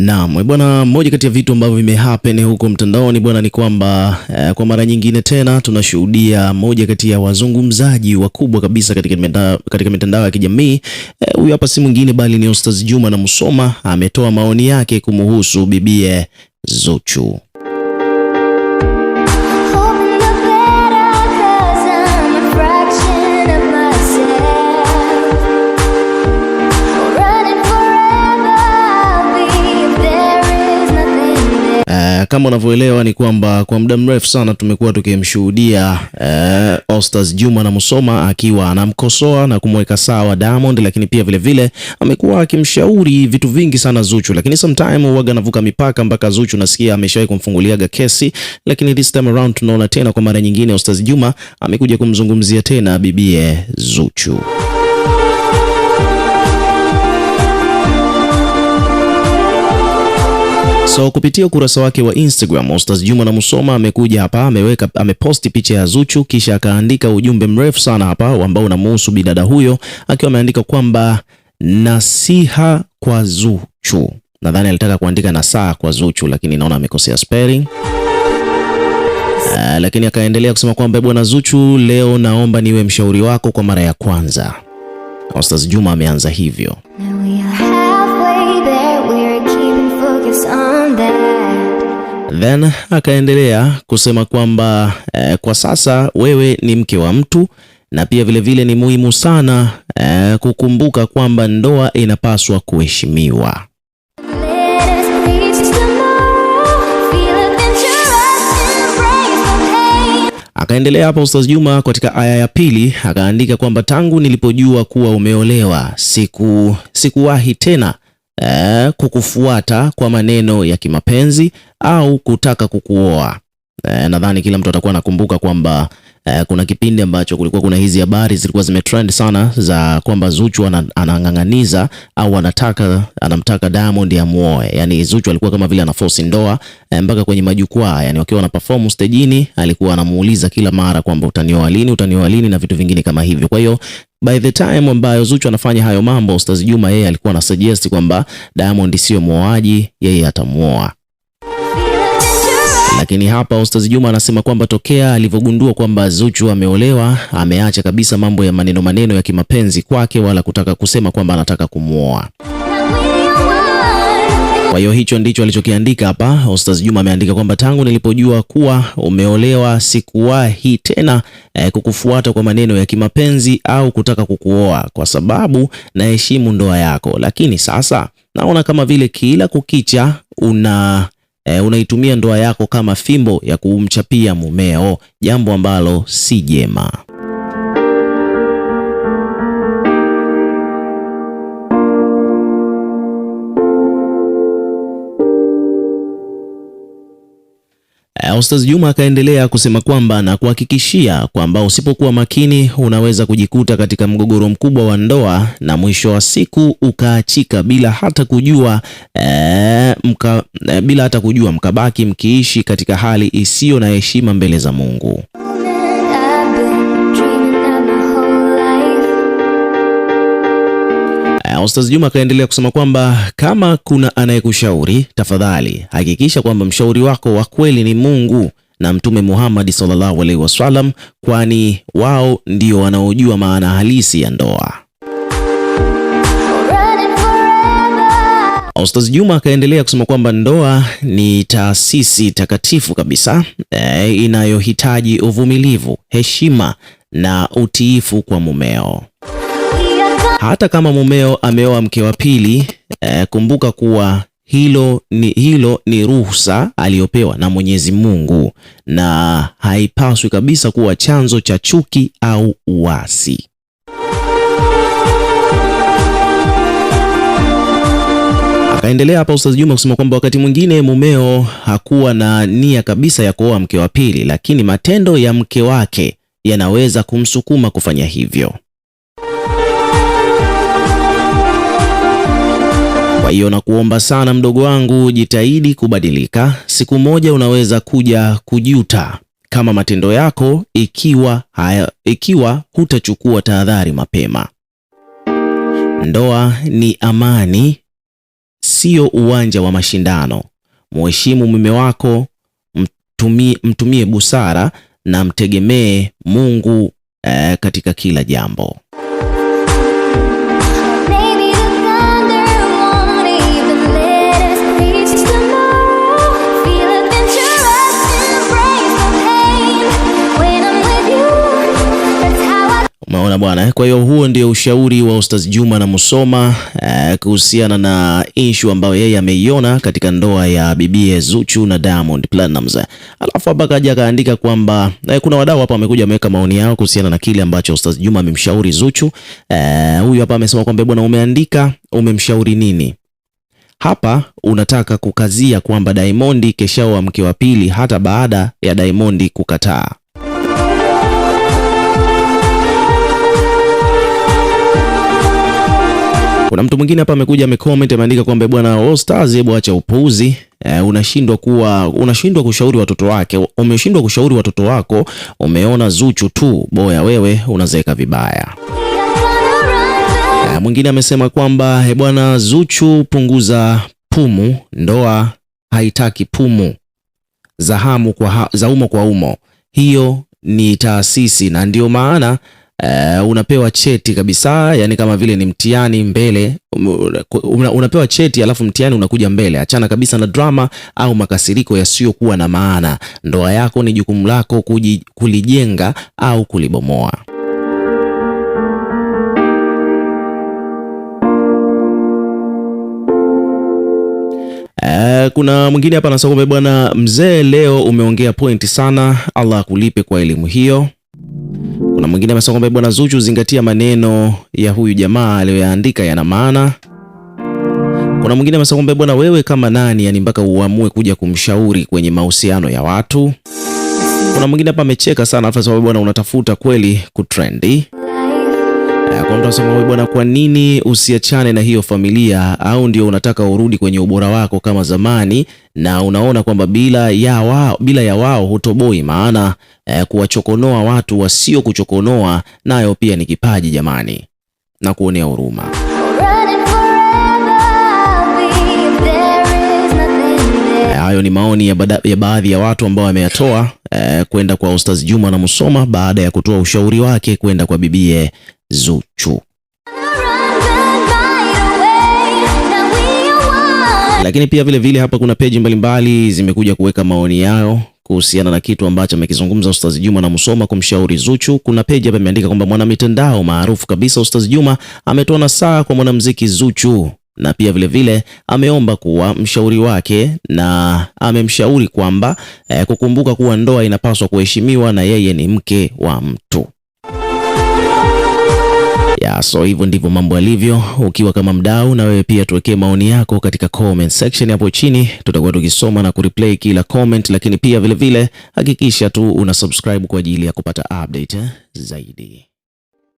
Naam, eh, bwana, moja kati ya vitu ambavyo vimehappen huko mtandaoni bwana ni kwamba eh, kwa mara nyingine tena tunashuhudia moja kati ya wazungumzaji wakubwa kabisa katika mitandao, katika mitandao ya kijamii eh, huyu eh, hapa si mwingine bali ni Ostaz Juma na Musoma ametoa maoni yake kumuhusu bibie Zuchu. kama unavyoelewa ni kwamba kwa muda mrefu sana tumekuwa tukimshuhudia eh, Ostaz Juma na Musoma akiwa anamkosoa na kumweka sawa Diamond, lakini pia vilevile amekuwa akimshauri vitu vingi sana Zuchu, lakini sometime huaga anavuka mipaka mpaka Zuchu nasikia ameshawahi kumfunguliaga kesi, lakini this time around tunaona tena kwa mara nyingine Ostaz Juma amekuja kumzungumzia tena bibie Zuchu. So kupitia ukurasa wake wa Instagram, Ostaz Juma na Musoma amekuja hapa, ameweka ameposti picha ya Zuchu, kisha akaandika ujumbe mrefu sana hapa ambao unamuhusu bidada huyo, akiwa ameandika kwamba nasiha kwa Zuchu. Nadhani alitaka kuandika nasaha kwa Zuchu, lakini naona amekosea spelling. Uh, lakini akaendelea kusema kwamba bwana Zuchu, leo naomba niwe mshauri wako kwa mara ya kwanza. Ostaz Juma ameanza hivyo. Then akaendelea kusema kwamba eh, kwa sasa wewe ni mke wa mtu na pia vilevile vile ni muhimu sana eh, kukumbuka kwamba ndoa inapaswa kuheshimiwa. Akaendelea hapa Ustaz Juma katika aya ya pili akaandika kwamba tangu nilipojua kuwa umeolewa siku sikuwahi tena eh, kukufuata kwa maneno ya kimapenzi au kutaka kukuoa. Eh, nadhani kila mtu atakuwa anakumbuka kwamba eh, kuna kipindi ambacho kulikuwa kuna hizi habari zilikuwa zimetrend sana za kwamba Zuchu anang'ang'aniza au anataka anamtaka Diamond amuoe. Ya yani Zuchu alikuwa kama vile anaforce ndoa eh, mpaka kwenye majukwaa, yani wakiwa na perform stage ni alikuwa anamuuliza kila mara kwamba utanioa lini, utanioa lini na vitu vingine kama hivyo. Kwa hiyo by the time ambayo Zuchu anafanya hayo mambo, Ustaz Juma yeye alikuwa na suggest kwamba Diamond sio muoaji, yeye atamuoa lakini hapa Ustaz Juma anasema kwamba tokea alivyogundua kwamba Zuchu ameolewa ameacha kabisa mambo ya maneno maneno ya kimapenzi kwake, wala kutaka kusema kwamba anataka kumwoa. Kwa hiyo hicho ndicho alichokiandika hapa. Ostaz Juma ameandika kwamba tangu nilipojua kuwa umeolewa sikuwahi tena eh, kukufuata kwa maneno ya kimapenzi au kutaka kukuoa, kwa sababu naheshimu ndoa yako, lakini sasa naona kama vile kila kukicha una E, unaitumia ndoa yako kama fimbo ya kumchapia mumeo, jambo ambalo si jema. Ostaz Juma akaendelea kusema kwamba na kuhakikishia kwamba usipokuwa makini unaweza kujikuta katika mgogoro mkubwa wa ndoa na mwisho wa siku ukaachika bila hata kujua ee, mka, eh, bila hata kujua mkabaki mkiishi katika hali isiyo na heshima mbele za Mungu. Ustaz Juma akaendelea kusema kwamba kama kuna anayekushauri, tafadhali hakikisha kwamba mshauri wako wa kweli ni Mungu na Mtume Muhammad sallallahu alaihi wasallam, kwani wao ndio wanaojua maana halisi ya ndoa. Ustaz Juma akaendelea kusema kwamba ndoa ni taasisi takatifu kabisa e, inayohitaji uvumilivu, heshima na utiifu kwa mumeo. Hata kama mumeo ameoa mke wa pili eh, kumbuka kuwa hilo ni, hilo ni ruhusa aliyopewa na Mwenyezi Mungu na haipaswi kabisa kuwa chanzo cha chuki au uasi. Akaendelea hapa Ustaz Juma kusema kwamba wakati mwingine mumeo hakuwa na nia kabisa ya kuoa mke wa pili, lakini matendo ya mke wake yanaweza kumsukuma kufanya hivyo. hiyo hiyo nakuomba sana mdogo wangu, jitahidi kubadilika. Siku moja unaweza kuja kujuta kama matendo yako ikiwa, haya, ikiwa hutachukua tahadhari mapema. Ndoa ni amani, sio uwanja wa mashindano. Mheshimu mume wako, mtumie, mtumie busara na mtegemee Mungu eh, katika kila jambo. Umeona bwana. Kwa hiyo huo ndio ushauri wa Ustaz Juma na Musoma eh, kuhusiana na ishu ambayo yeye ameiona katika ndoa ya bibie Zuchu na Diamond Platnumz. Alafu hapa kaja akaandika kwamba eh, kuna wadau hapa wamekuja wameweka maoni yao kuhusiana na kile ambacho Ustaz Juma amemshauri Zuchu. Eh, huyu hapa amesema kwamba bwana, umeandika umemshauri nini? Hapa unataka kukazia kwamba Diamond wa mke wa pili hata baada ya Diamond kukataa. Kuna mtu mwingine hapa amekuja amecomment ameandika kwamba bwana All Stars, hebu acha upuuzi E, eh, unashindwa kuwa unashindwa kushauri watoto wake, umeshindwa kushauri watoto wako, umeona Zuchu tu, boya wewe unazeeka vibaya. E, mwingine amesema kwamba e bwana Zuchu, punguza pumu, ndoa haitaki pumu za hamu kwa ha, za umo kwa umo, hiyo ni taasisi na ndio maana uh, unapewa cheti kabisa, yani kama vile ni mtihani mbele um, una, unapewa cheti alafu mtihani unakuja mbele. Achana kabisa na drama au makasiriko yasiyokuwa na maana. Ndoa yako ni jukumu lako kuji, kulijenga au kulibomoa. Eh, kuna mwingine hapa anasema bwana mzee, leo umeongea pointi sana, Allah akulipe kwa elimu hiyo. Kuna mwingine amesema kwamba bwana Zuchu, zingatia maneno ya huyu jamaa aliyoyaandika yana maana. Kuna mwingine amesema kwamba bwana, wewe kama nani yani mpaka uamue kuja kumshauri kwenye mahusiano ya watu. Kuna mwingine hapa amecheka sana, hata sababu bwana, unatafuta kweli kutrendi. Kwa mtu anasema wewe bwana, kwa nini usiachane na hiyo familia? Au ndio unataka urudi kwenye ubora wako kama zamani, na unaona kwamba bila ya wao, bila ya wao hutoboi? Maana eh, kuwachokonoa watu wasio kuchokonoa nayo pia ni kipaji jamani, na kuonea huruma. Eh, hayo ni maoni ya, bada, ya baadhi ya watu ambao wameyatoa eh, kwenda kwa Ustaz Juma na Musoma baada ya kutoa ushauri wake kwenda kwa bibie Zuchu. Lakini pia vile vile hapa kuna peji mbalimbali zimekuja kuweka maoni yao kuhusiana na kitu ambacho amekizungumza Ustaz Juma na Musoma kumshauri Zuchu. Kuna peji hapa imeandika kwamba mwanamitandao maarufu kabisa Ustaz Juma ametoa nasaha kwa mwanamuziki Zuchu na pia vile vile ameomba kuwa mshauri wake na amemshauri kwamba eh, kukumbuka kuwa ndoa inapaswa kuheshimiwa na yeye ni mke wa mtu. So hivyo ndivyo mambo yalivyo. Ukiwa kama mdau, na wewe pia tuwekee maoni yako katika comment section hapo chini, tutakuwa tukisoma na kureplay kila comment, lakini pia vilevile vile, hakikisha tu una subscribe kwa ajili ya kupata update eh, zaidi.